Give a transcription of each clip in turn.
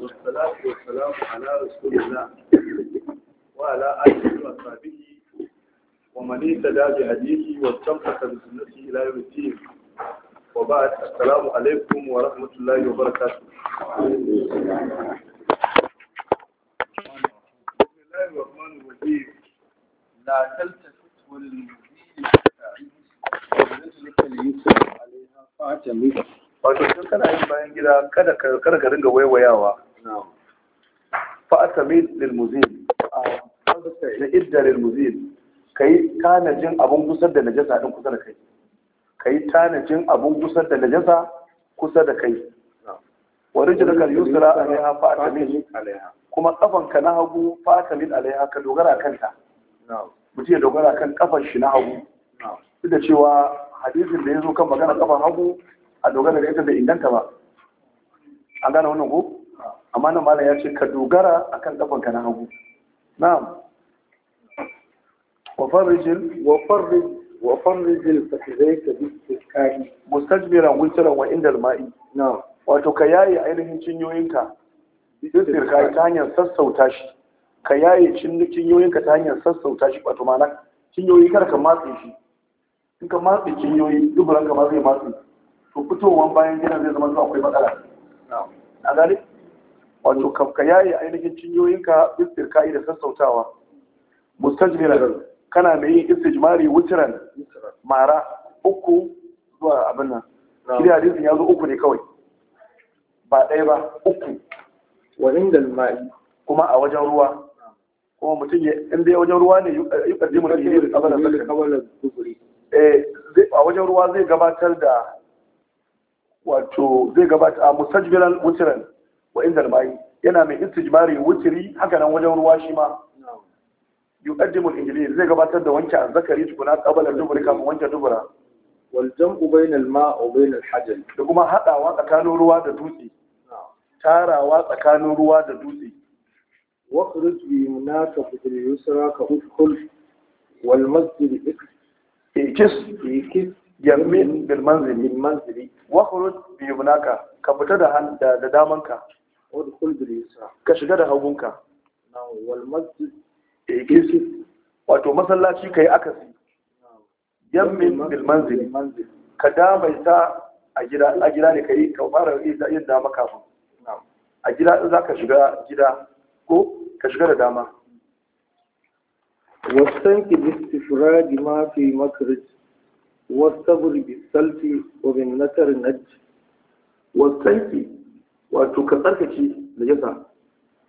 والصلاة والسلام على رسول الله وعلى آله وصحبه ومن اهتدى بهديه واستمسك بسنته إلى يوم الدين وبعد السلام عليكم ورحمة الله وبركاته بسم الله الرحمن الرحيم لا تلتفت والمزيد ورجلك اليسر عليها فاعتمد wato tun kana yin bayan gida kada ka ringa waiwayawa aka mil lilmuzin na idda lilmuzin ka yi tanajin abun gusar da najasa din kusa da kai ka yi tanajin abun gusar da najasa kusa da kai wa rijlakal yusra alaiha fa atamil kuma kafanka na hagu fa atamil alaiha ka dogara kanta mutum ya dogara kan kafan na hagu duk da cewa hadisin da ya zo kan magana kafan hagu a dogara da ita bai inganta ba an gane wannan ko amma nan malam ya ce ka dogara akan ɗafanka na hagu na'am wa farrijil wa farrij wa farrijil ta bi istiskari mustajmiran witran wa inda ma'i na'am wato ka yaye ainihin cinyoyinka istirkai ta hanyar sassauta shi ka yaye cinyoyinka ta hanyar sassauta shi wato mana cinyoyi kar ka matse shi in ka matse cinyoyi duburan ka ma zai matse to fitowar bayan gina zai zama zuwa akwai matsala Na gane wato kafka yayi ainihin cinyoyinka yi da sassautawa mustajmiran kana mai yin istijmari wuturan mara uku zuwa abin nan shi hadisin ya zo uku ne kawai ba ɗaya ba uku wani da lumari kuma a wajen ruwa kuma mutum ya inda wajen ruwa ne yi da shi kabalar eh, a wajen ruwa zai gabatar da wato zai gabatar a musajbiran wutiran wa inda al-ma'i yana mai istijmari wutri haka nan wajen ruwa shi ma yuqaddimu al-injili zai gabatar da wanke azzakari tukuna qabala dubura kafin wanke dubura wal jam'u bayna al-ma' wa bayna da kuma hadawa tsakanin ruwa da dutse tarawa tsakanin ruwa da dutse wa khuruj bi munaka bil yusra ka udkhul wal masjid ikis ikis yamin bil manzili manzili wa khuruj munaka ka fita da da damanka wadkhul bil yusra ka shiga da hagunka wal masjid ikisi eh, wato masallaci ka yi akasi yammin bil manzil ka damaita a gida a gida ne kai ka fara yin dama kafin a gida za ka shiga gida ko ka shiga da dama Wasan wasanki bistifradi mafi fi makarij wasabur bisalti wa bin nasar Wasan wasanki wato ka tsarkace najasa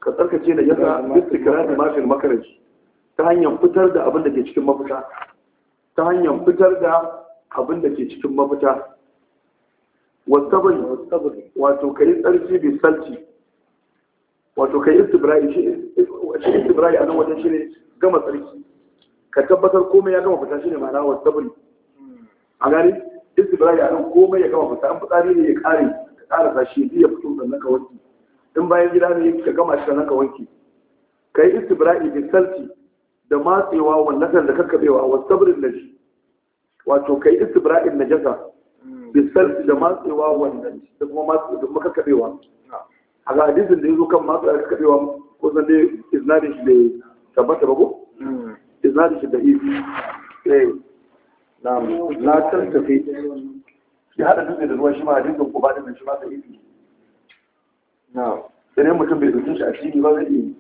ka tsarkace najasa istikrari ma fil makaraj ta hanyar fitar da abin da ke cikin mafita ta hanyar fitar da abin da ke cikin mafita wasabari wato ka yi tsarki bi salci wato ka yi istibra'i shi istibra'i a nan wajen shi ne gama tsarki ka tabbatar komai ya gama fita shi ne ma'ana wasabari a gani istibra'i a nan komai ya gama fita an fitsari ne ya kare ƙarasa shi ya fito da naka wanki. in bayan gida ne ka gama shi da naka wanki. ka yi istibra'i bi salti da matsewa wannan da kakkabewa wa sabrin naji wato ka yi na najasa bi salti da matsewa wannan da kuma matsewa da makakkabewa a ga hadisin da ya zo kan matsewa da kakkabewa ko zan dai iznadin shi da tabbata ba ko hmm. iznadi shi da ifi na la tantafi ya haɗa dutse da ruwan shi ma hadisin ko ba da shi ma sai yi na sai mutum bai dauke shi a cikin ba zai yi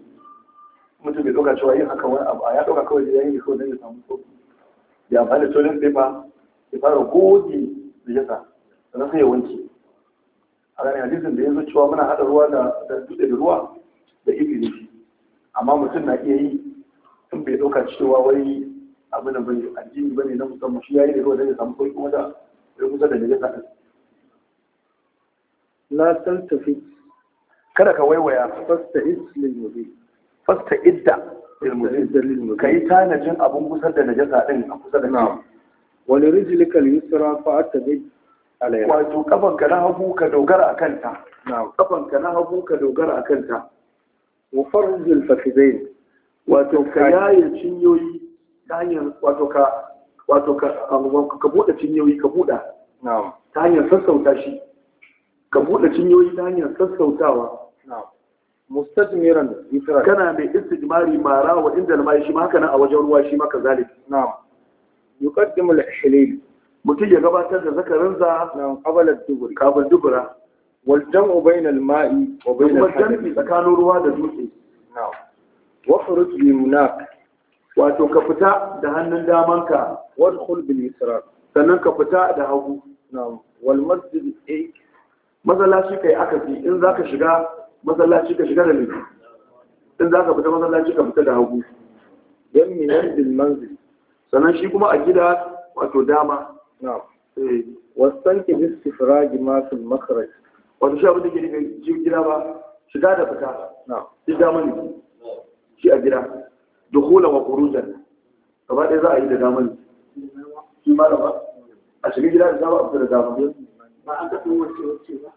mutum bai ɗauka cewa yin haka wani abu a ya ɗauka kawai da yayin kawai ya samu sauki ya amfani da toilet paper ya fara goge da yasa sannan sai ya wanke a ranar hadisin da ya zo cewa muna haɗa ruwa da dutse da ruwa da ibi da shi amma mutum na iya yi in bai ɗauka cewa wai abin da bai addini ba ne na musamman shi ya yi da ruwa da ya samu sauki wanda Na san tafi. kada ka waiwaya fasta islil mubin fasta idda ka yi tanajin abin kusa da najasa din a kusa da nawa wani rijilika yusra fa atabi alayhi wato kafan ka na hagu ka dogara a kanta kafan ka na hagu ka dogara a kanta wa farjil fakidain wato ka yaye cinyoyi ta hanyar wato ka wato ka buɗe cinyoyi ka buɗa ta hanyar sassauta shi ka buɗe cinyoyi ta hanyar sassautawa mustajmiran itran kana mai istijmari mara wa inda al shi ma kana a wajen ruwa shi maka zalik na'am yuqaddimu al-ihlil mutum ya gabatar da zakarin na'am qabla ad-dubur qabla dubura wal jam'u bayna al-ma'i wa bayna al-hadath tsakanin ruwa da dutse na'am wa khuruj bi munaq wato ka fita da hannun damanka wadda bil isra sannan ka fita da hagu Na wal masjid matsalashi masallaci kai aka fi in za ka shiga masallaci ka shiga da ne in za ka fita masallaci ka fita da hagu yaminan bil manzil sannan shi kuma a gida wato dama Na eh. wasan wasanki bis sifraji masu makarai wato shi abin da ke gida ba shiga da fita Na shi dama ne shi a gida dukula wa kurujan gaba dai za a yi da damar shi ma da ba a shiga gida da dama abu da dama ba an ka taɓa wacce wacce ba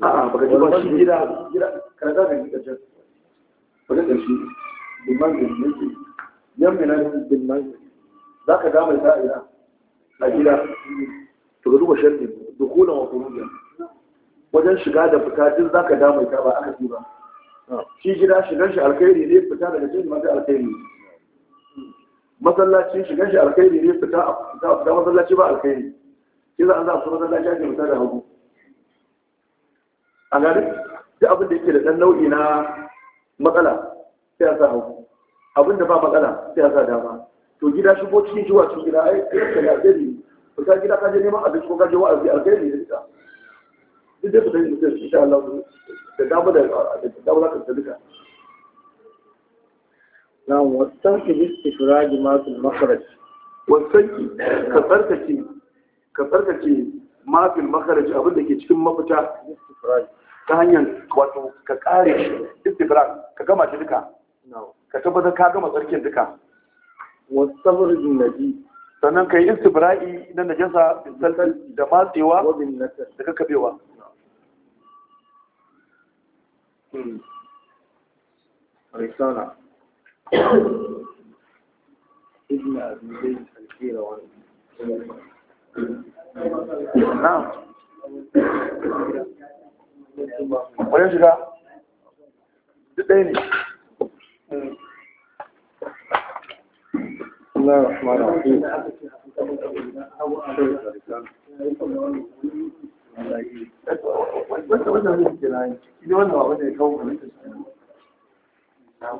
a a'a baka ji ba shi gida gida kana da ni kaje baka da shi dimman da yake yan mina dimman zaka ga mai sa'ira a gida to ga duba sharri dukulan wa kurujan wajen shiga da fita duk zaka da mai ta ba aka ji ba shi gida shigan shi alkhairi ne fita daga cikin masu alkhairi masallaci shigan shi alkhairi ne fita fita masallaci ba alkhairi shi za a za a fita masallaci ake fita da hagu a gani duk abin da yake da ɗan nau'i na matsala sai a sa hagu abin da ba matsala sai a sa dama to gida shigo cikin zuwa cikin gida ai kai ka alkhairi fita gida ka je neman abinci ko ka je wa'azi alkhairi ne duka duk da su da insha Allah da dama da dama za ka tsallika na wasanki istifradi masul makharaj wasanki ka tsarkake ka tsarkake masul makharaj abin da ke cikin mafita ta hanyar wato ka kare istifradi ka gama shi duka ka tabbatar ka gama tsarkin duka wasabar jinnabi sannan ka yi istibra'i na najasa da matsewa da kakabewa رسالة ابن أبي زيد الكيرواني نعم wani shiga duk ɗaya ne Allah wanda wanda ne ke rayu shi wannan ba wanda ya kawo kamar da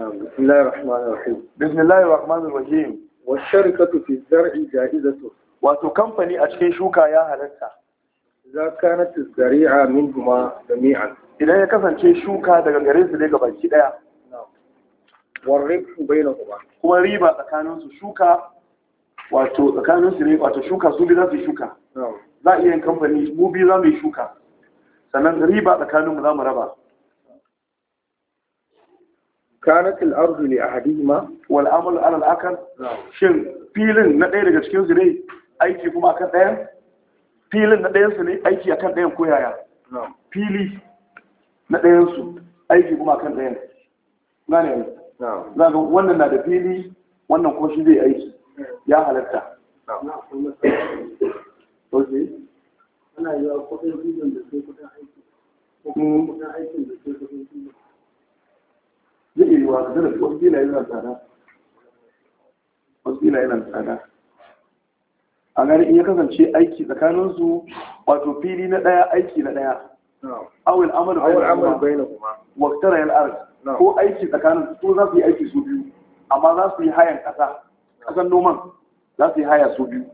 بسم الله الرحمن الرحيم بسم الله الرحمن الرحيم والشركة في الزرع جائزة wato kamfani a cikin shuka ya halarta. za kanat zari'a minhuma jami'an idan ya kasance shuka daga gare su ne gabaki daya war ribhu bainahuma kuma riba tsakanin su shuka wato tsakanin su ne wato shuka su biyu za su yi shuka za a iya yin kamfani mu biyu za mu yi shuka sannan riba tsakanin mu za mu raba kanat al-ardu li ahadihima wal amal ala al shin filin na ɗaya daga cikin su ne aiki kuma akan ɗayan filin na ɗayan su ne aiki akan ɗayan ko yaya fili na ɗayan su aiki kuma akan ɗayan gane za ga wannan na da fili wannan kuma shi zai aiki ya halatta oke ana yi wa kudin kudin da sai kudin aiki kudin mm. aikin da sai kudin kudin zai yi wa da kudin wasu filaye yana tsada wasu filaye yana tsada a gani in ya kasance aiki tsakaninsu wato fili na ɗaya aiki na ɗaya awil bai na kuma waktara yal ko aiki tsakanin su za su yi aiki su biyu amma za su yi hayan ƙasa kasan noman za su yi haya su biyu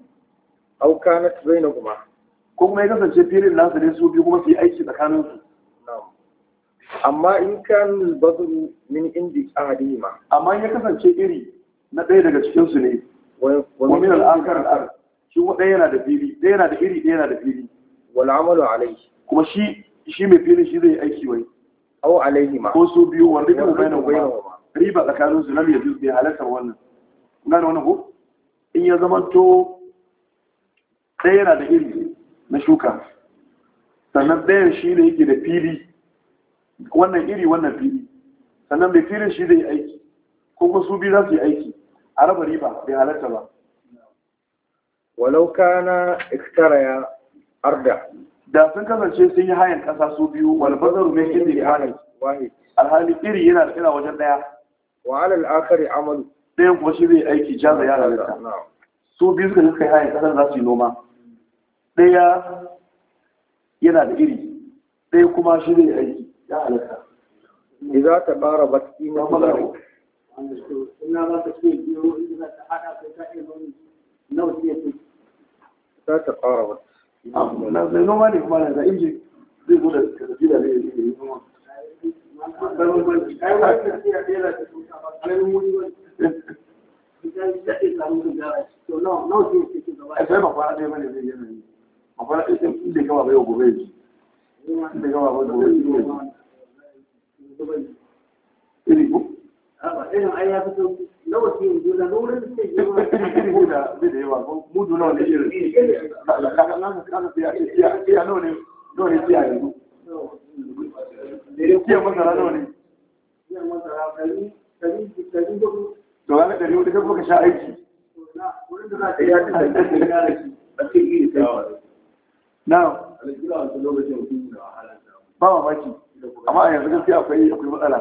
na kana na kuma ko kuma ya kasance filin nasu ne su biyu kuma su yi aiki tsakanin su amma in kan bazuru min indi ahadihima amma ya kasance iri na ɗaya daga cikin su ne wa min al-akhar al shi ɗaya yana da fili ɗaya yana da iri ɗaya yana da fili wal amalu alayhi kuma shi shi mai fili shi zai yi aiki wai aw alayhima ko su biyu wanda ke bayanan riba tsakanin su lam yajuz bi halatar wannan gane wani ko in ya to ɗaya yana da iri na shuka sannan ɗayan shi ne yake da fili wannan iri wannan fili sannan mai filin shi zai aiki ko kuma su biyu za su yi aiki a raba riba bai halatta ba Walauka na ikitara ya arda da sun kasance sun yi hayan ƙasa su biyu walbazaru mai inda ya hana alhali iri yana da kira wajen ɗaya wa alal akari amalu Ɗaya kuma shi zai aiki jaza ya ta su biyu suka suka hayan kasar za su yi noma ɗaya yana da iri ɗaya kuma shi zai aiki ya halatta me za ta ɓara ba cikin wani ina za ta ce biyu ina ta hada ko ta iya noma nawa ce za ta fara ba. na zai noma ne kuma na inji zai zo da tafi da zai yi noma sai ba kwana ɗaya bane zai yanayi ba kwana ɗaya sai inda gaba bai gobe ji inda gaba bai gobe ji iri ko irin ai ya fito nawa ke yanzu da wurin da ke yi da zai da yawa mudu nawa ne irin kaga nawa ne nawa ne biya yanzu jiya masara nawa ne jiya masara ɗari ɗari ɗari hudu da wani ɗari hudu kuma sha aiki wurin da za ka yi ya da ya rage a cikin da kai na aljira wasu lokacin mutum da wahala ba mamaki amma a yanzu gaskiya akwai akwai matsala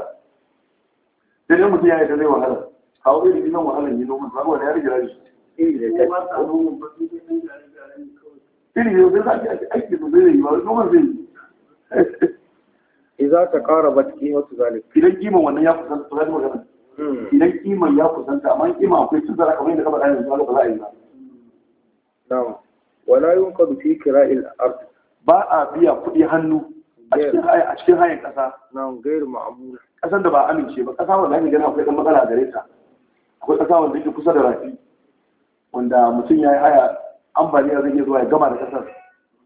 sai dai mutum ya yi ta zai wahala hawa iri nan wahala ne noman ba wani ya rage rage iri da ta iri aiki sosai da yi ba zai yi idza ta qara bat qimatu zalik idan kiman wannan ya kusanta to zai magana idan kiman ya kusanta amma kima akwai tazara kamar yadda ka faɗa yanzu ba za a yi ba na'am wala yunqadu fi qira'il ard ba a biya kuɗi hannu a cikin hayan ƙasa na'am gairu ma'amula ƙasar da ba amince ba ƙasa wanda ake gana akwai ɗan matsala da reta. akwai ƙasa wanda yake kusa da rafi wanda mutum ya yi haya ambaliya zai iya zuwa ya gama da ƙasar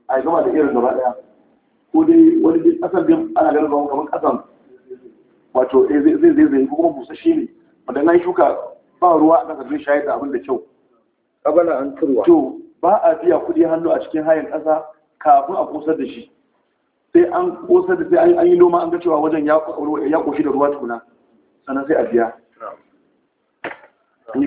a ya gama da irin gaba ɗaya ko dai wani bin kasar bin ana ganin ruwan kamar kasan wato eh, zai zai zai ko kuma shi ne wanda na shuka ba ruwa a kasar zai shayar da abin da kyau kabala an turwa to ba a biya kuɗi hannu a cikin hayan ƙasa kafin a kosar da shi sai an kosar da sai an yi noma an ga cewa wajen ya koshi da ruwa tukuna sannan sai a biya. Ni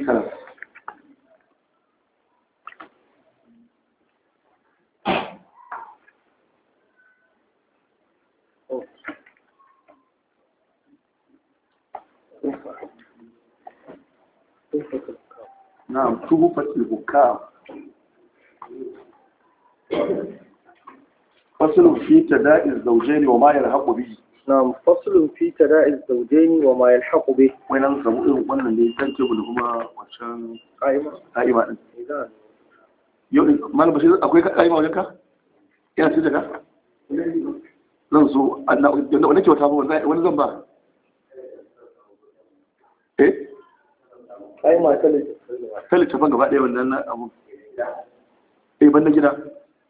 نعم تهفة البكاء فصل في تداء الزوجين وما يلحق به نعم فصل في تداء الزوجين وما يلحق به وين أنت ايه وانا اللي تنتج لهما وشان قائمة قائمة انت ما انا بشير اكوي قائمة وجهك يا سيدك zan so yadda wani kyauta ba wani zan ba eh ai sai littafin gaba ɗaya wannan na abu eh, ban na gida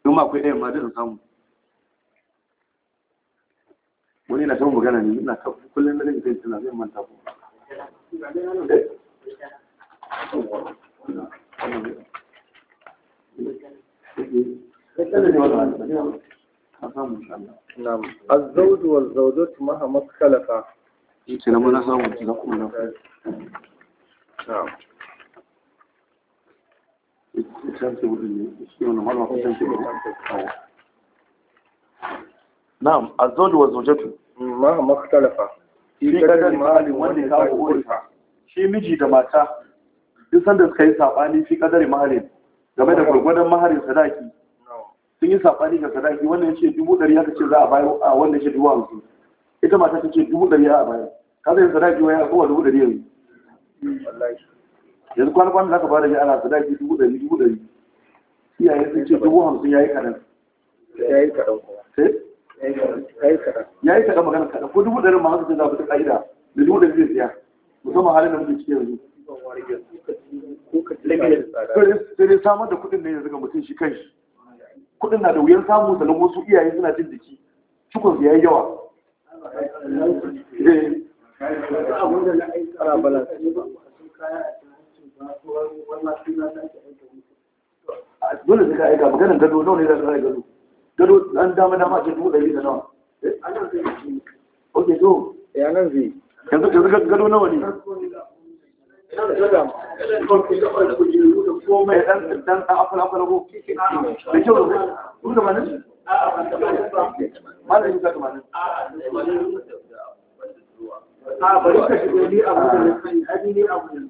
don ma akwai ɗayan ma zai samu wani na samun magana ne ina ta kullum na zai tana zai manta ku الزوج والزوجة مهما اختلفا. نعم. Eh, na'am الزوج wa ما fi qadar mali wanda ka urifa shi miji da mata duk sanda suka yi sabani fi qadar mahalin game da gurgudan maharin sadaki sun yi sabani ga sadaki wannan yace dubu ɗari haka ce za a bayar a wanda shi duwa ita mata ta ce dubu ɗari a bayar kaza sadaki waya kowa dubu ɗari yanzu yanzu kwanakwan da aka fara shi ana sadaki dubu ɗari dubu ɗari iyaye sun ce dubu hamsin ya yi kaɗan ya yi kaɗan kaɗan magana kaɗan ko dubu ɗari ma haka sun zafi ta ƙa'ida da dubu ɗari zai siya musamman halin da muke cikin yanzu sai dai samar da kuɗin ne yanzu ga mutum shi kanshi kuɗin na da wuyan samu sannan wasu iyaye suna jin jiki cikon ya yi yawa dole sai ka aika maganin gado nawa ne za ka aika gado gado an dama dama ce dubu ɗari da nawa ok to ya nan zai yanzu yanzu gado nawa ne dan dan akwai akwai rago da kyau da kuma da manin malamin ka da manin a bari ka shigo ni abu da na sani ni a yanzu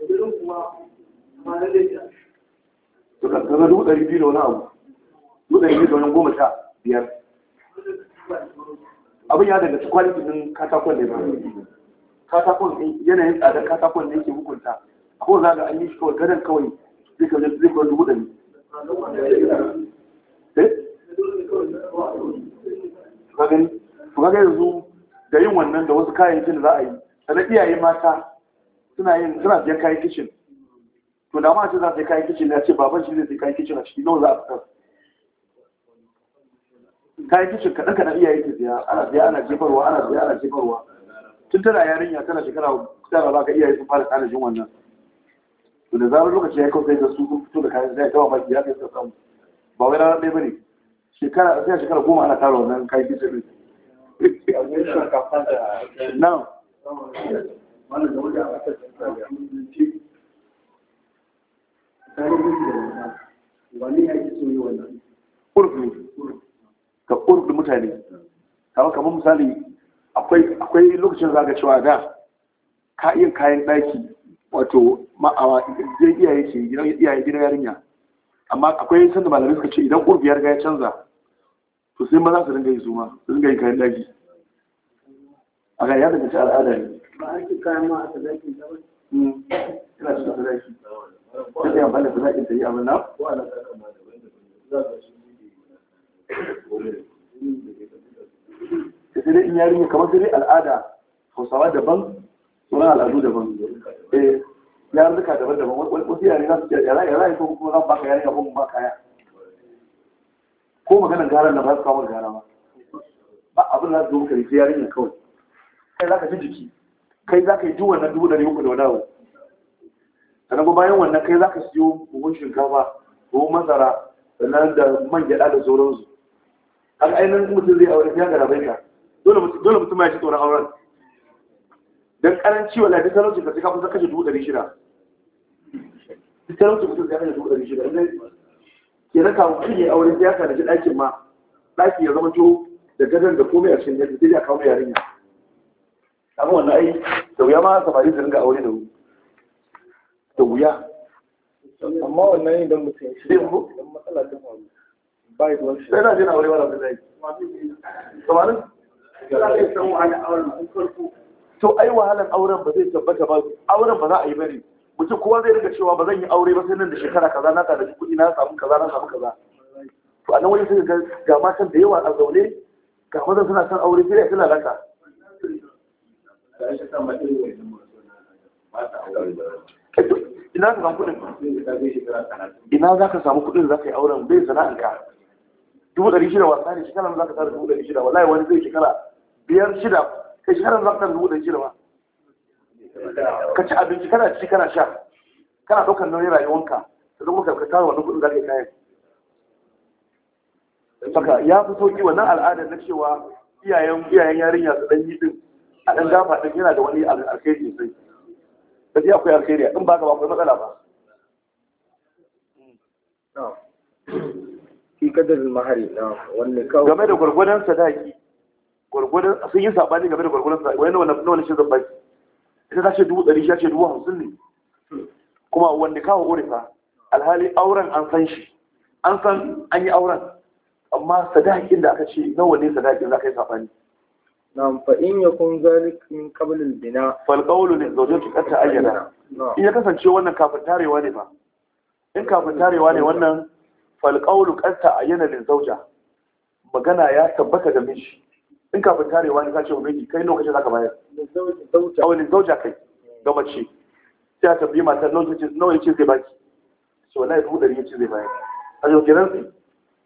to kaga dubu ɗari biyu da wani abu dubu ɗari biyu da wani goma sha biyar abin ya daga kwaliti ɗin katakon ne ba katakon yanayin tsadar katakon ne ke hukunta akwai za ga an yi shi kawai gadon kawai zai kawai zai kawai dubu ɗari eh? to kaga yanzu da yin wannan da wasu kayayyakin da za a yi sannan mata suna yin suna siyan kayan kicin to da ma ce za su yi kayan kicin ya ce baban shi zai sai kayan kicin a ciki nawa za a fitar kayan kicin kaɗan kaɗan iyaye yi siya ana siya ana jefarwa ana siya ana jefarwa tun tana yarinya tana shekara tara ba ka iya sun fara tsanajin wannan to da zarar lokaci ya sai da su sun fito da kayan zai tawa baki ya kai suka samu ba wai ranar ɗaya ne. shekara sai shekara goma ana tara wannan kayan kicin ɗin. Now. Wannan da wanda aka tsaya da mutunci tarihi da mata wani ya ki so yi wannan urfi ka urfi mutane kama kamar misali akwai lokacin zaga cewa da ka iya kayan daki wato ma'awa zai iyaye ke iyaye gidan yarinya amma akwai sanda malamai suka ce idan urfi ya riga ya canza to sai maza su dinga yi su ma su dinga yi kayan daki a ga ya daga ci al'ada ne ba a ci kayan ma a sadakin ta ba hmm. ina cikin sadaki ta yi amfani da sadakin ta yi abin na sai dai in yarinya kamar sai al'ada hausawa daban sauran al'adu daban eh yarurruka daban-daban wasu yare za su yara yara ya kuma mu baka yare abin ba kaya ko maganar gara na ba su kawo gara ba ba abin da za su zo muka rike yarinya kawai kai za ka ji jiki kai za ka yi duk wannan dubu ɗari uku da wani abu sannan kuma bayan wannan kai za ka siyo buhun shinkafa ko masara sannan da man gyaɗa da sauransu Har ainihin mutum zai aure ya da rabaika dole mutum ya ci tsoron auren don karanci wa lafi talauci ka ka kusa kashe dubu ɗari shida talauci mutum ya kashe dubu ɗari shida ke na kawo kai aure ya kana ji ɗakin ma ɗaki ya zama to da gadon da komai a cikin yadda zai ya kawo yarinya abin wannan ai da wuya ma samari su ringa aure da da wuya amma wannan don mutum shi ne ko idan matsala ta faru bai da wani shi sai na je na aure wala zai samarin to ai wahalan auren ba zai tabbata ba auren ba za a yi bane mutum kowa zai riga cewa ba zan yi aure ba sai nan da shekara kaza na tare da kuɗi na samu kaza na samu kaza to a nan wani sai ga matan da yawa a zaune ga mazan suna son aure sai ya fi lalata ina ka samu kudin ina za ka samu kudin za ka yi auren bai ka dubu ɗari shida wasa ne shekarar za ka tara dubu ɗari shida wallahi wani zai shekara biyar shida kai shekarar za ka tara dubu ɗari shida ba ka ci abinci kana ci kana sha kana ɗaukar nauyin rayuwanka Ka zama ka tara wani kudin za ka yi kayan saka ya fi sauki wannan al'adar na cewa iyayen iyayen yarinya su ɗan yi din a ɗan gafa ɗin yana da wani alkhairi sai kaji akwai alkhairi in ba ka ba akwai matsala ba fi kadar mahari na wanne kawai game da gwargwadon sadaki gwargwadon sun yi saɓani game da gwargwadon sadaki wani na wani shirin baki ita ta ce dubu ɗari shi ce dubu hamsin ne hmm. kuma wanne kawo orifa alhali auren an san shi an san an yi auren amma sadakin da aka ce nawa ne sadakin za ka yi saɓani? نعم فإن يكون ذلك من قبل البناء فالقول للزوجين قد تأجل إن يكسن شيء وانا كافر تاري واني ما إن كافر تاري واني وانا فالقول قد تأجل للزوجة magana ya tabbata da miji in kafin tarewa ne sace miji kai lokacin zaka bayar awali zauja kai ga mace sai ta bi matar lokacin nawa baki sai wallahi dubu dari yace zai a yau kenan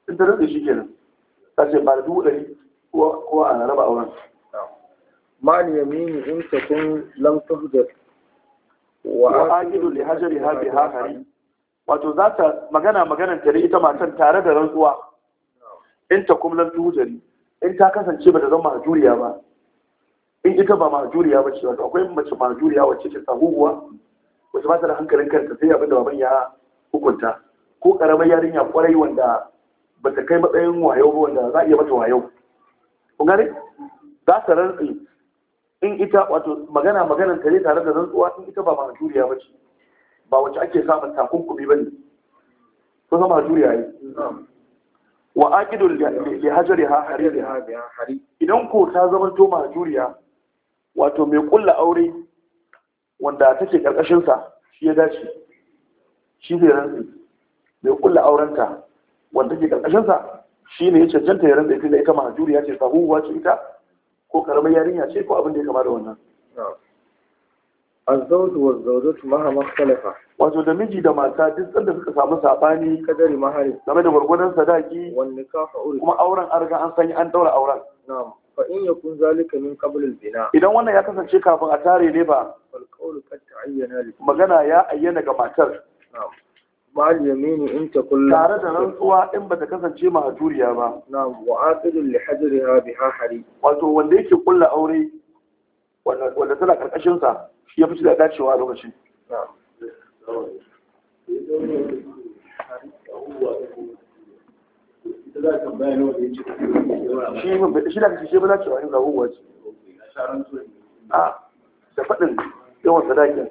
in ta shi kenan sace ba dubu dari ko ko raba auren ما اليمين إن تكون لم تهجر وآجل لهجرها بهاهري wato za ta magana maganan tare ita matan tare da rantsuwa in ta kuma lantu hujari in ta kasance ba ta zama ba in ita ba mahajuriya ba ce wato akwai mace mahajuriya wacce ce sahuhuwa wacce ba ta da hankalin kanta sai abinda baban ya hukunta ko karamar yarinya kwarai wanda ba ta kai matsayin wayo ba za a iya mata wayo za ka rantsi in ita wato magana maganan tare tare da rantsuwa in ita ba mahajuriya ba ce ba wacce ake samun takunkumi ba ne kusa mahajuriya ne wa aqidul li hajari ha hari idan ko ta zama to mahajuriya wato mai kulla aure wanda take karkashin sa shi ya dace shi zai rantsi mai kulla aurenta wanda take karkashin sa shi ne ya cancanta ya rantsi tunda ita mahajuriya ce sahuwa ce ita ko karamar yarinya ce ko abin da ya kama da wannan الزوج والزوجة مهما اختلفا wato da miji da mata duk sanda suka samu sabani kadari mahari game da gurgunan sadaki wan nikahu uri kuma auren an an sanya an daura auren na'am fa in yakun zalika min qabl bina idan wannan ya kasance kafin a tare ne ba fal qawlu qad ta'ayyana magana ya ayyana ga matar na'am باليمين انت كل تارة رنطوة ان بتكسن جيمة هجوريا با نعم وعاقد لحجرها بها حري وانتو وانديك كل اوري ولا تلا كالاشن سا يفجل اداد شواء لغشي نعم لا كان باين هو شيء شي شي لا شي شي بلا شي هو اه ده يوم صداقه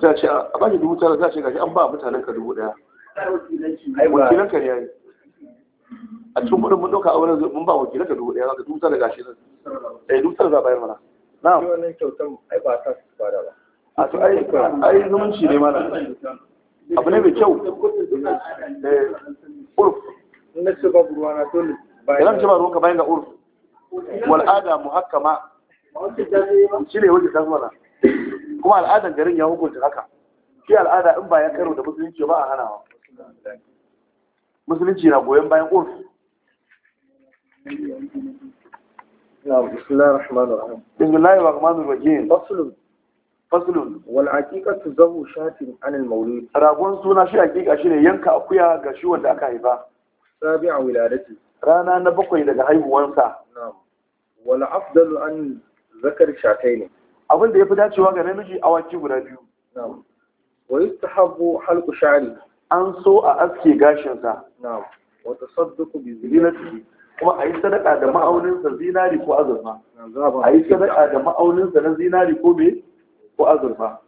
za ce a bashi dubu tara za ce gashi an ba mutanen ka dubu daya wakilan ka ne yayi a cikin kudin mun dauka auren mun ba wakilan ka dubu daya za ka dubu tara gashi nan eh dubu tara za bayar mana na'am wannan kyautan ai ba ta ba a to ai ai zumunci ne mana abu ne mai kyau eh urf in ce babu ruwa na dole bayan ce ba ruwanka bayan ga urf muhakkama shi ne wajen tasmana kuma al'adar garin ya hukunci haka shi al'ada in ba ya karo da musulunci ba a hanawa musulunci na goyon bayan ƙorfi بسم الله الرحمن الرحيم ke الله الرحمن الرحيم فصل فصل والعقيقة زو شات عن المولود راغون سونا shi حقيقة yanka akuya ga shi wanda aka haifa sabi'a wiladati rana na bakwai daga haihuwansa na'am wal afdalu an zakar shatai ne abin da ya fi dacewa ga namiji awaki guda biyu wa yustahabbu halqu sha'ri an so a aske gashinsa na'am wa tasadduqu bi zinatihi kuma a yi sadaka da ma'auninsa zinari ko azurfa a yi sadaka da ma'auninsa na zinari ko be ko azurfa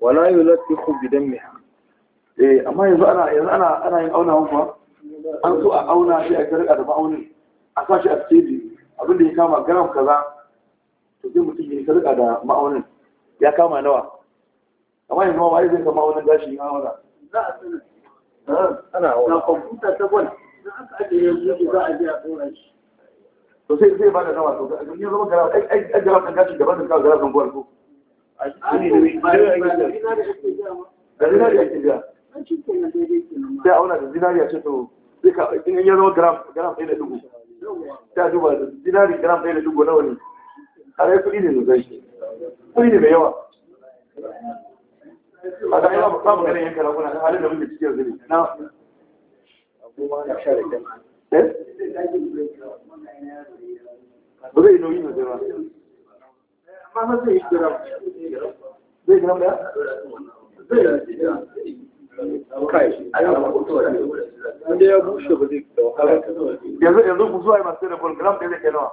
wala yi lati ku gidan mai eh amma yanzu ana yanzu ana ana yin auna kuwa an so a auna shi a sadaka da ma'aunin a sa shi a stage abinda ya kama gram kaza to sai mutum ya rika da ma'aunin ya kama nawa amma yanzu ma wai zai kama ma'aunin gashi ya haura za a sanar ana haura na kwamfuta ta gwal za a ajiye yanzu za a je a tsora shi to sai sai ba da nawa to ya zama gara ai gara kan gashi daban da kawo gara kan gwal ko a shi ne da zinariya ake biya sai a auna da zinariya ce to in ya zama gram gram ɗaya da dubu sai a duba zinari gram ɗaya da dubu nawa ne kare kuɗi ne sosai kuɗi ne mai yawa a da yawa ba maganin yanka raguna ta halin da muke cikin zuri na eh? ba zai nauyi ne zai ba amma zai yi zai da ya bushe ba zai yanzu yanzu ku zuwa yi masu gram zai kai nawa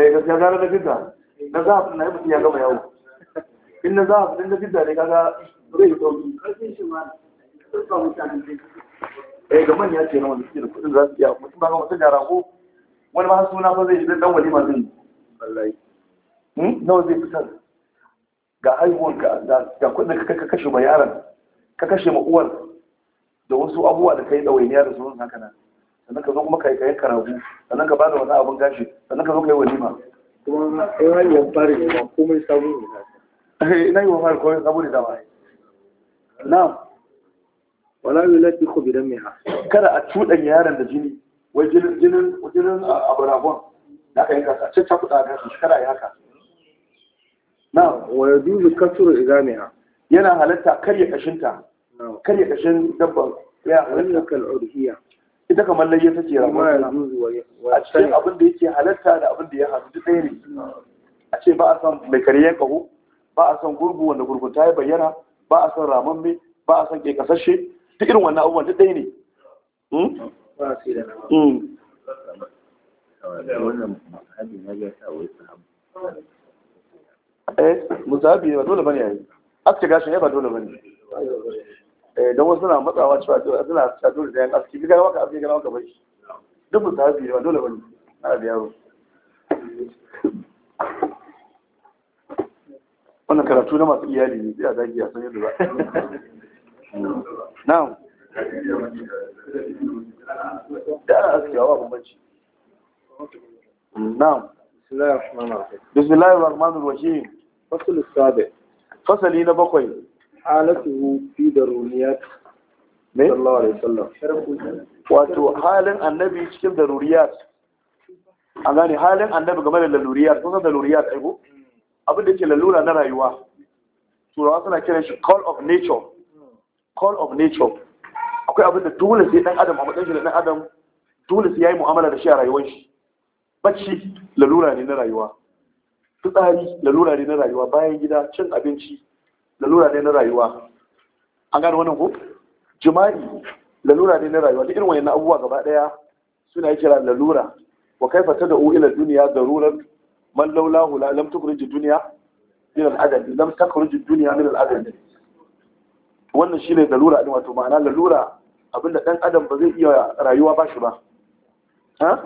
eh gaskiya gara na fidda na za a na yi mutum ya gama yawo in na za a na fidda ne kaga zai sauki eh ga manya ce na wani suke da kuɗin za su iya mutum ba ga wata gara ko wani ma suna ba zai yi dan wani din wallahi hmm? nawa zai fitar ga haihuwanka da kudin ka kashe ma yaran, ka kashe ma uwar da wasu abubuwa da ka yi ɗawainiya da sauran haka nan sannan ka zo kuma kai kayan karabu sannan ka bada wani abin gashi sannan ka zo kai walima kuma ai hanyar fari ne ba komai sabo ne eh ina yi wa fari komai sabo ne da ba na'am wala yuladdiqu bi damiha kada a cudan yaron da jini wai jinin jinin jinin ah, abarabon da kai ka sace ta kuɗa ga shi kada ya haka na'am wa yaduzu kasru idamiha yana halatta karya kashinta karya kashin dabba ya halatta kal udhiya ita kamar lalle take rago a cikin abin da yake halatta da abin da ya haɗu duk ɗaya ne a ce ba a san mai kariyar ƙaho ba a san gurgu wanda gurgun ta yi bayyana ba a san mai ba a san ƙeƙasashe duk irin wannan abubuwan duk ɗaya ne hmm? hmm. eh musabi ba dole bane yayi aske gashin ya ba dole bane Eh, don wasu suna matsawa cewa suna cewa da yan aski ga maka aski ga ka bai duk musu tafi ba dole bane ana da yaro wannan karatu na masu iyali ne sai a zagi a san yadda ba na'am da ana askewa ba bambanci na'am bismillahir rahmanir masu bismillahir rahmanir rahim fasal sabi fasali na bakwai halatuhu fi daruriyat sallallahu alaihi wasallam wato halin annabi cikin daruriyat an gane halin annabi game da laluriyat kun san laluriyat ai ko abin da yake lalura na rayuwa turawa suna kiran shi call of nature call of nature akwai abin da dole sai dan adam a matsayin shi da dan adam dole sai yayi mu'amala da shi a rayuwar shi bacci lalura ne na rayuwa fitsari lalura ne na rayuwa bayan gida cin abinci lalura ne na rayuwa an gane wannan ko jima'i lalura ne na rayuwa duk irin na abubuwa gaba daya suna kira lalura wa kaifa da ila duniya daruran man laulahu la lam tukhrij dunya min al-adab lam tukhrij dunya min al-adab wannan shine lalura din wato ma'ana lalura abinda dan adam ba zai iya rayuwa ba shi ba ha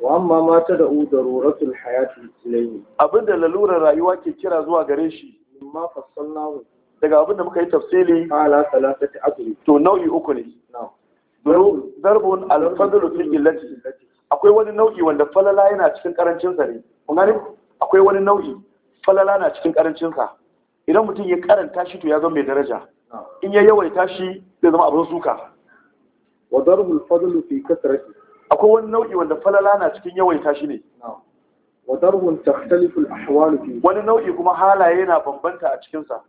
wa amma ma tad'u daruratul hayati ilayhi abinda lalurar rayuwa ke kira zuwa gare shi mimma fassalnahu daga abin da muka yi tafsili ala salatati asli to nau'i uku ne na'am zarbun al-fadlu fi illati akwai wani nau'i wanda falala yana cikin karancin sa ne kun gane akwai wani nau'i falala na cikin karancin sa idan mutum ya karanta shi to ya zama mai daraja in ya yawaita shi zai zama abin suka wa darbul fadlu fi kasrati akwai wani nau'i wanda falala na cikin yawaita shi ne na'am wa darbun takhtalifu al-ahwal fi wani nau'i kuma halaye na bambanta a cikin sa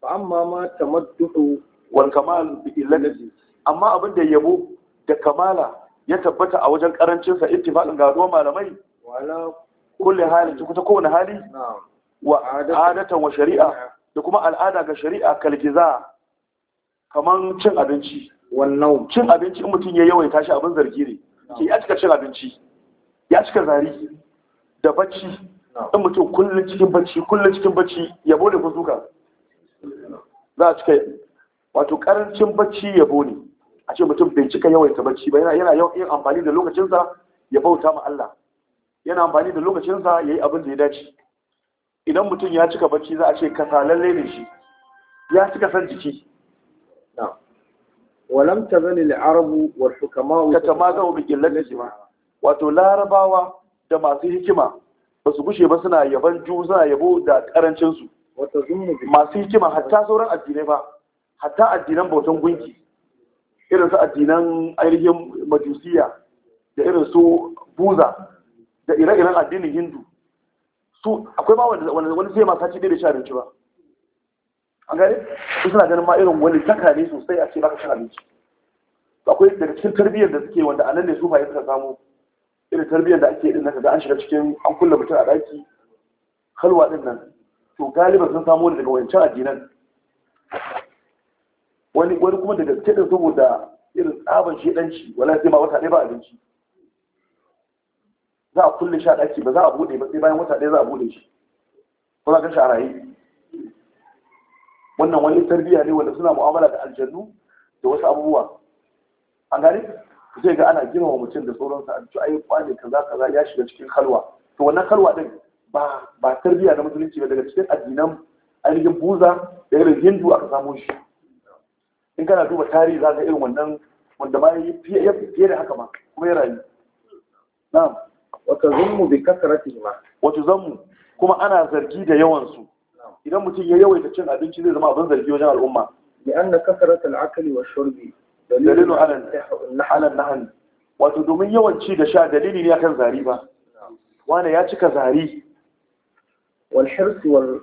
fa amma ma tamaddu wal kamal bi illati amma abin da yabo da kamala ya tabbata a wajen karancin sa ittifaqin ga ruwan malamai wala kulli hali ta kowane hali wa adatan wa shari'a da kuma al'ada ga shari'a kalgiza kaman cin abinci wannan cin abinci in mutum ya yawaita shi abin zargi ne ya cika cin abinci ya cika zari da bacci ɗan mutum kullum cikin bacci kullum cikin bacci yabo ne ko duka za a cika wato ƙarancin bacci yabo ne a ce mutum bai cika yawaita bacci ba yana yin amfani da lokacinsa ya bauta ma Allah yana amfani da lokacinsa ya yi abin da ya dace idan mutum ya cika bacci za a ce kasalalle ne shi ya cika san jiki walam tazali al-arabu wal hukama katamazau bi wato larabawa da masu hikima ba su gushe ba suna yaban ju suna yabo da karancinsu masu hikima hatta sauran addinai ba hatta addinan bautan gunki irin su addinan ainihin majusiya da irin su buza da ire-iren addinin hindu su akwai ba wani zai masu haci da sha abinci ba an gane su suna ganin ma irin wani taka ne sosai a ce baka shi abinci akwai daga cikin tarbiyyar da suke wanda anan ne su ba suka samu irin tarbiyyar da ake din nan kaga an shiga cikin an kulle mutum a daki halwa din nan to galiban sun samu daga wancan addinan wani wani kuma daga cikin saboda irin tsaban shedanci wala sai ma wata ɗaya ba abinci za a kulle shi a daki ba za a bude ba sai bayan wata ɗaya za a bude shi ko za ka shi a raye wannan wani tarbiyya ne wanda suna mu'amala da aljannu da wasu abubuwa an gane zai ga ana girma mutum da sauransa a ci ayi kwane kaza kaza ya shiga cikin kalwa to wannan kalwa din ba ba tarbiyya na musulunci ba daga cikin addinan ainihin buza da irin hindu aka samo shi in kana duba tarihi za ka irin wannan wanda ma ya fiye da haka ma kuma ya rayu na'am wata zammu bi kasratihima wata zammu kuma ana zargi da yawansu idan mutum ya yawaita cin abinci zai zama abin zargi wajen al'umma لأن كثرة wa والشرب dalilu alal nahal wato domin yawanci da sha dalili ne akan zari ba wane ya cika zari wal hirs wal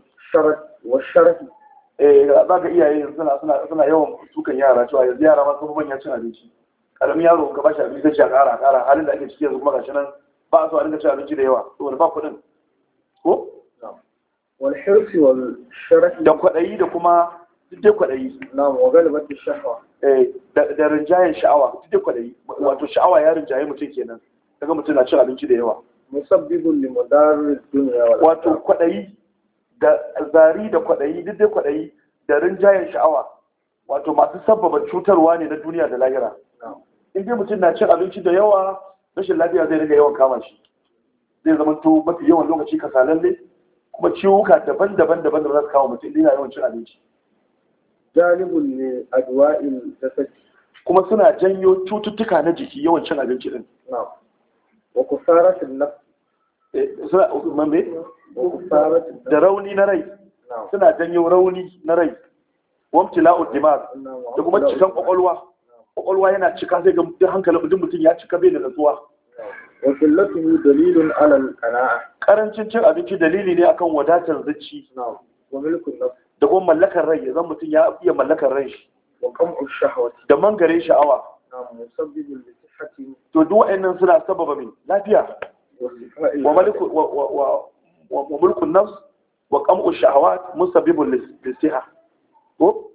eh za ka iyaye suna yawan sukan yara cewa yanzu yara ma sun manya cin abinci karamin yaro ka bashi abinci sai ya kara kara halin da ake ciki yanzu kuma gashi nan ba a so a dinga cin abinci da yawa saboda ba kuɗin ko wal hirs wal sharat da kwaɗayi da kuma duk dai kwaɗayi na'am wa galibati shahwa eh da rinjayen sha'awa duk kwaɗayi wato sha'awa ya rinjaye mutum kenan daga mutum na cin abinci da yawa musabbibun li mudarris dunya wato kwaɗayi da zari da kwaɗayi duk dai kwaɗayi da rinjayen sha'awa wato masu sabbaba cutarwa ne na duniya da lahira in dai mutum na cin abinci da yawa rashin lafiya zai riga yawan kama shi zai zama to mafi yawan lokaci kasalalle kuma ciwuka daban-daban daban da za su kawo mutum idan yana yawan cin abinci janibun ne a da saki. kuma suna janyo cututtuka na jiki yawan cin abinci din na'am wa kusaratin nafs eh, suna mambe da rauni na rai suna janyo rauni na rai wamtila'ud dimag da kuma cikan kwakwalwa kwakwalwa yana cika sai ga duk hankalin mutum ya cika bai da natsuwa wa qillatuhu dalilun dalilin alal qanaa karancin cin abinci dalili ne akan wadatar zuci wa milkun nafs da kuma mallakar rai zan mutum ya iya mallakar rai shi da mangare sha'awa to duk wa'annan suna sababa mai lafiya wa mulkun nafs wa kam'u sha'awat musabbibun lisiha ko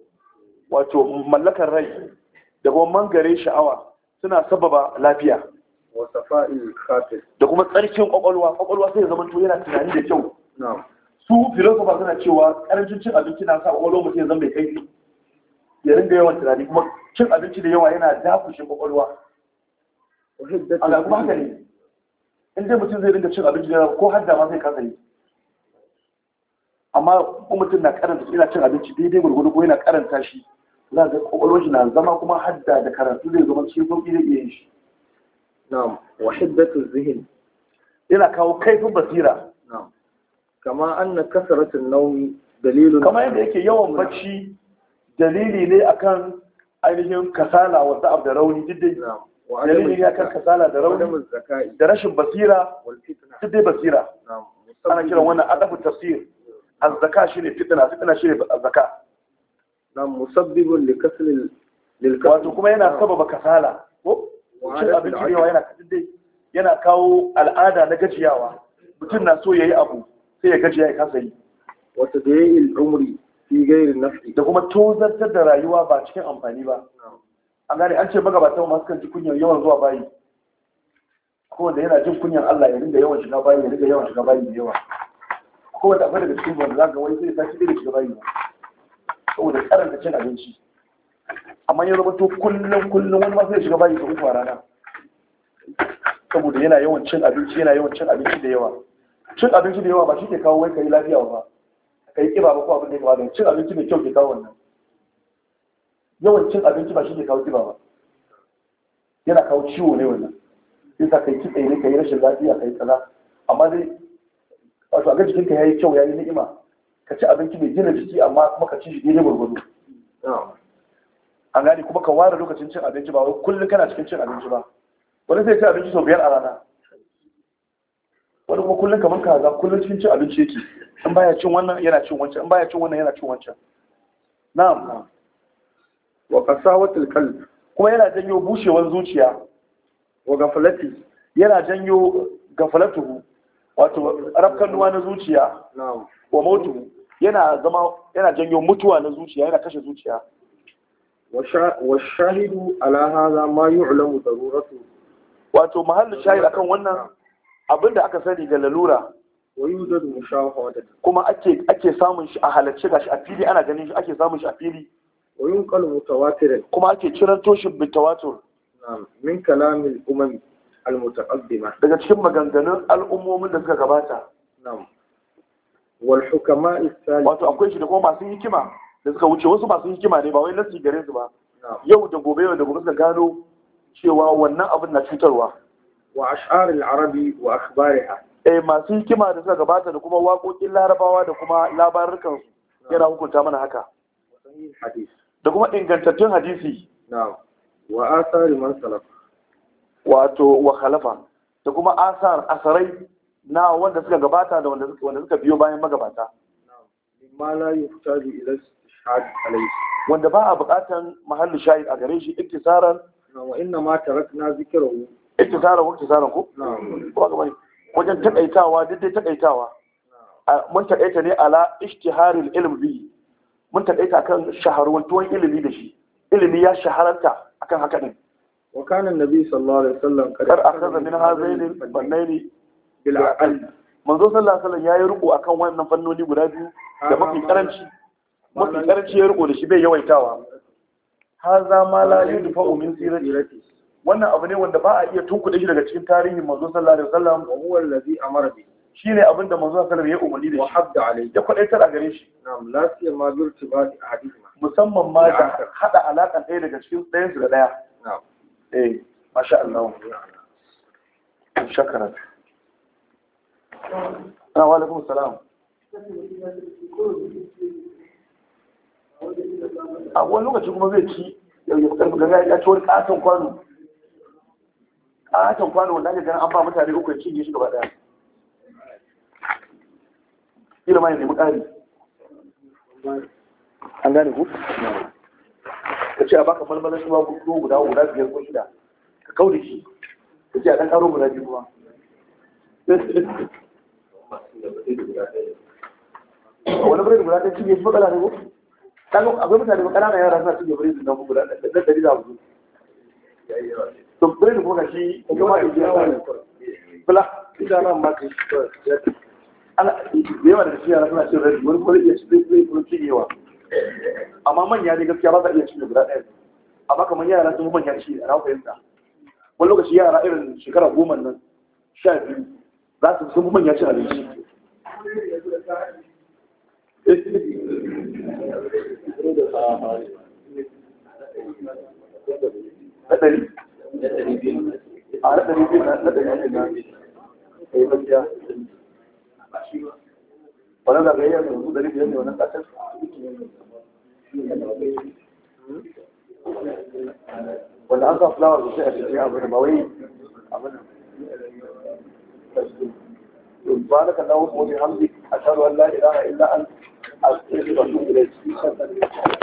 wato mallakar rai da kuma mangare sha'awa suna sababa lafiya da kuma tsarkin kwakwalwa kwakwalwa sai ya zama to yana tunani da kyau su filosofa suna cewa karancin cin abinci na sa kwakwalwar mutum zan mai kaifi ya ringa yawan tunani kuma cin abinci da yawa yana dakushe kwakwalwa a kuma haka ne in dai mutum zai ringa cin abinci da yawa ko hadda ma zai kasa yi amma kuma mutum na karanta yana cin abinci daidai gurgudu ko yana karanta shi za ga kwakwalwar shi na zama kuma hadda da karatu zai zama cikin sauƙi da iya yin shi na'am wa hiddatu zihin yana kawo kaifin basira na'am kama anna kasaratin naumi kama yadda yake yawan bacci dalili ne akan ainihin kasala wa da'ab da rauni dalili ne akan kasala da rauni da rashin basira diddai basira ana kiran wannan adabu tafsir azzaka shine fitna fitna shine azzaka na musabbibun li kasl lil wato kuma yana sababa kasala ko abinci ne yana yana kawo al'ada na gajiyawa mutum na so yayi abu sai ya gaji ya kasa yi wata da ya yi umri fi gairin nafi da kuma tozartar da rayuwa ba cikin amfani ba an gane an ce magabatan masu kan ji kunyar yawan zuwa bayi kowanne yana jin kunyar Allah ya dinga yawan shiga bayi ya dinga yawan shiga bayi da yawa kowanne akwai daga cikin wanda za ga wani zai tashi da shiga bayi ba saboda karanta cin abinci amma ya zama to kullum kullum wani ma zai shiga bayi ta uku a rana saboda yana yawan cin abinci yana yawan cin abinci da yawa cin abinci da yawa ba shi ke kawo wai ka yi lafiya ba ka yi kiba ba ko abin da ya kawo cin abinci mai kyau ke kawo wannan yawan cin abinci ba shi ke kawo kiba ba yana kawo ciwo ne wannan sai ka kai kitse ne ka yi rashin lafiya ka yi tsana amma dai wato a ga jikinka ya yi kyau ya yi ni'ima ka ci abinci mai gina jiki amma kuma ka ci shi daidai gwargwado an gane kuma ka ware lokacin cin abinci ba wai kullum kana cikin cin abinci ba wani zai ci abinci sau biyar a rana wani kuma kullum kamar kaza kullum cikin cin abinci yake in baya cin wannan yana cin wancan in baya cin wannan yana cin wancan na'am wa watan qalb kuma yana janyo bushewar zuciya wa gafalati yana janyo gafalatuhu wato rafkanuwa na zuciya wa mautu yana zama yana janyo mutuwa na zuciya yana kashe zuciya wa shahidu ala hadha ma yu'lamu daruratu wato mahallin shahid akan wannan abinda aka sani ga lalura kuma ake ake samun shi a halarci gashi a fili ana ganin shi ake samun shi a fili kuma ake ciranto shi bi tawatur min kalamin umam al mutaqaddima daga cikin maganganun al'ummomin da suka gabata na'am wal hukama isali wato akwai shi da kuma masu hikima da suka wuce wasu masu hikima ne ba wai nasu gare su ba yau da gobe yau da gobe suka gano cewa wannan abin na cutarwa wa ash'ar al-arabi wa akhbariha eh masu hikima da suka gabata da kuma waƙoƙin larabawa da kuma labarukan su yana hukunta mana haka da kuma ingantattun hadisi na'am wa asar man salaf wato wa khalafa da kuma asar asarai na wanda suka gabata da wanda suka biyo bayan magabata ma la yuftaju ila istishhad alayhi wanda ba a buƙatan mahallu shahid a gare shi iktisaran wa inna ma tarakna zikrahu iktisaran ko iktisaran ko ko ga bane wajen takaitawa duk takaitawa mun takaita ne ala ishtiharul ilmi mun takaita kan shaharuwan tuwon ilimi da shi ilimi ya shahararta akan haka ne wa kana annabi sallallahu alaihi wasallam kar akhadha min hazaini bannaini bil aqal manzo sallallahu alaihi wasallam yayi riko akan wannan fannoni guda biyu da mafi karanci mafi karanci ya ruku da shi bai yawaitawa haza ma la yudfa min sirati wannan abu ne wanda ba a iya tunkuɗe shi daga cikin tarihin manzo sallallahu alaihi wasallam wa huwa allazi amara bi shine abin da manzo sallallahu alaihi wasallam ya umarni da shi wa habda alaihi da kwadaitar a gare shi na'am lafiya ma zurti ba da hadisi musamman ma da hada alaka ɗaya daga cikin ɗayan su da ɗaya na'am eh masha Allah shakara na ah, wa alaikum salam a wani lokaci kuma zai ci ya ci wani katon kwano a hakan kwano wanda ake ganin an ba mutane uku cinye shi gaba ɗaya. kila ya nemi ƙari an gane ku ka ce a baka malmalar shi ba guda guda biyar ko shida ka kau da shi ka ce a ɗan ƙaro guda biyu kuma wani birnin guda ɗaya cinye shi matsala ne ko akwai mutane ba ƙananan yara suna cinye birnin nan guda ɗan ɗari da hudu to bai da kuma shi kuma da jiya ne bala ita nan ma kai ana yawa da shi yana suna cin rai wani kuma iya cin rai kuma cin yawa amma manya ne gaskiya ba za iya cin guda ɗaya amma kamar yara sun manya shi a rafa yanta wani lokaci yara irin shekara goma nan sha biyu za su sun manya cin abinci Thank eh. you. a na ɗari biyu na ɗari biyu na yi gaskiya wannan zagayen yanzu ɗari biyar ne wannan ƙasar wanda an sa fulawa sosai a cikin abu da ba wai abin سبحانك اللهم وبحمدك أشهد أن لا إله إلا أنت أستغفرك وأتوب إليك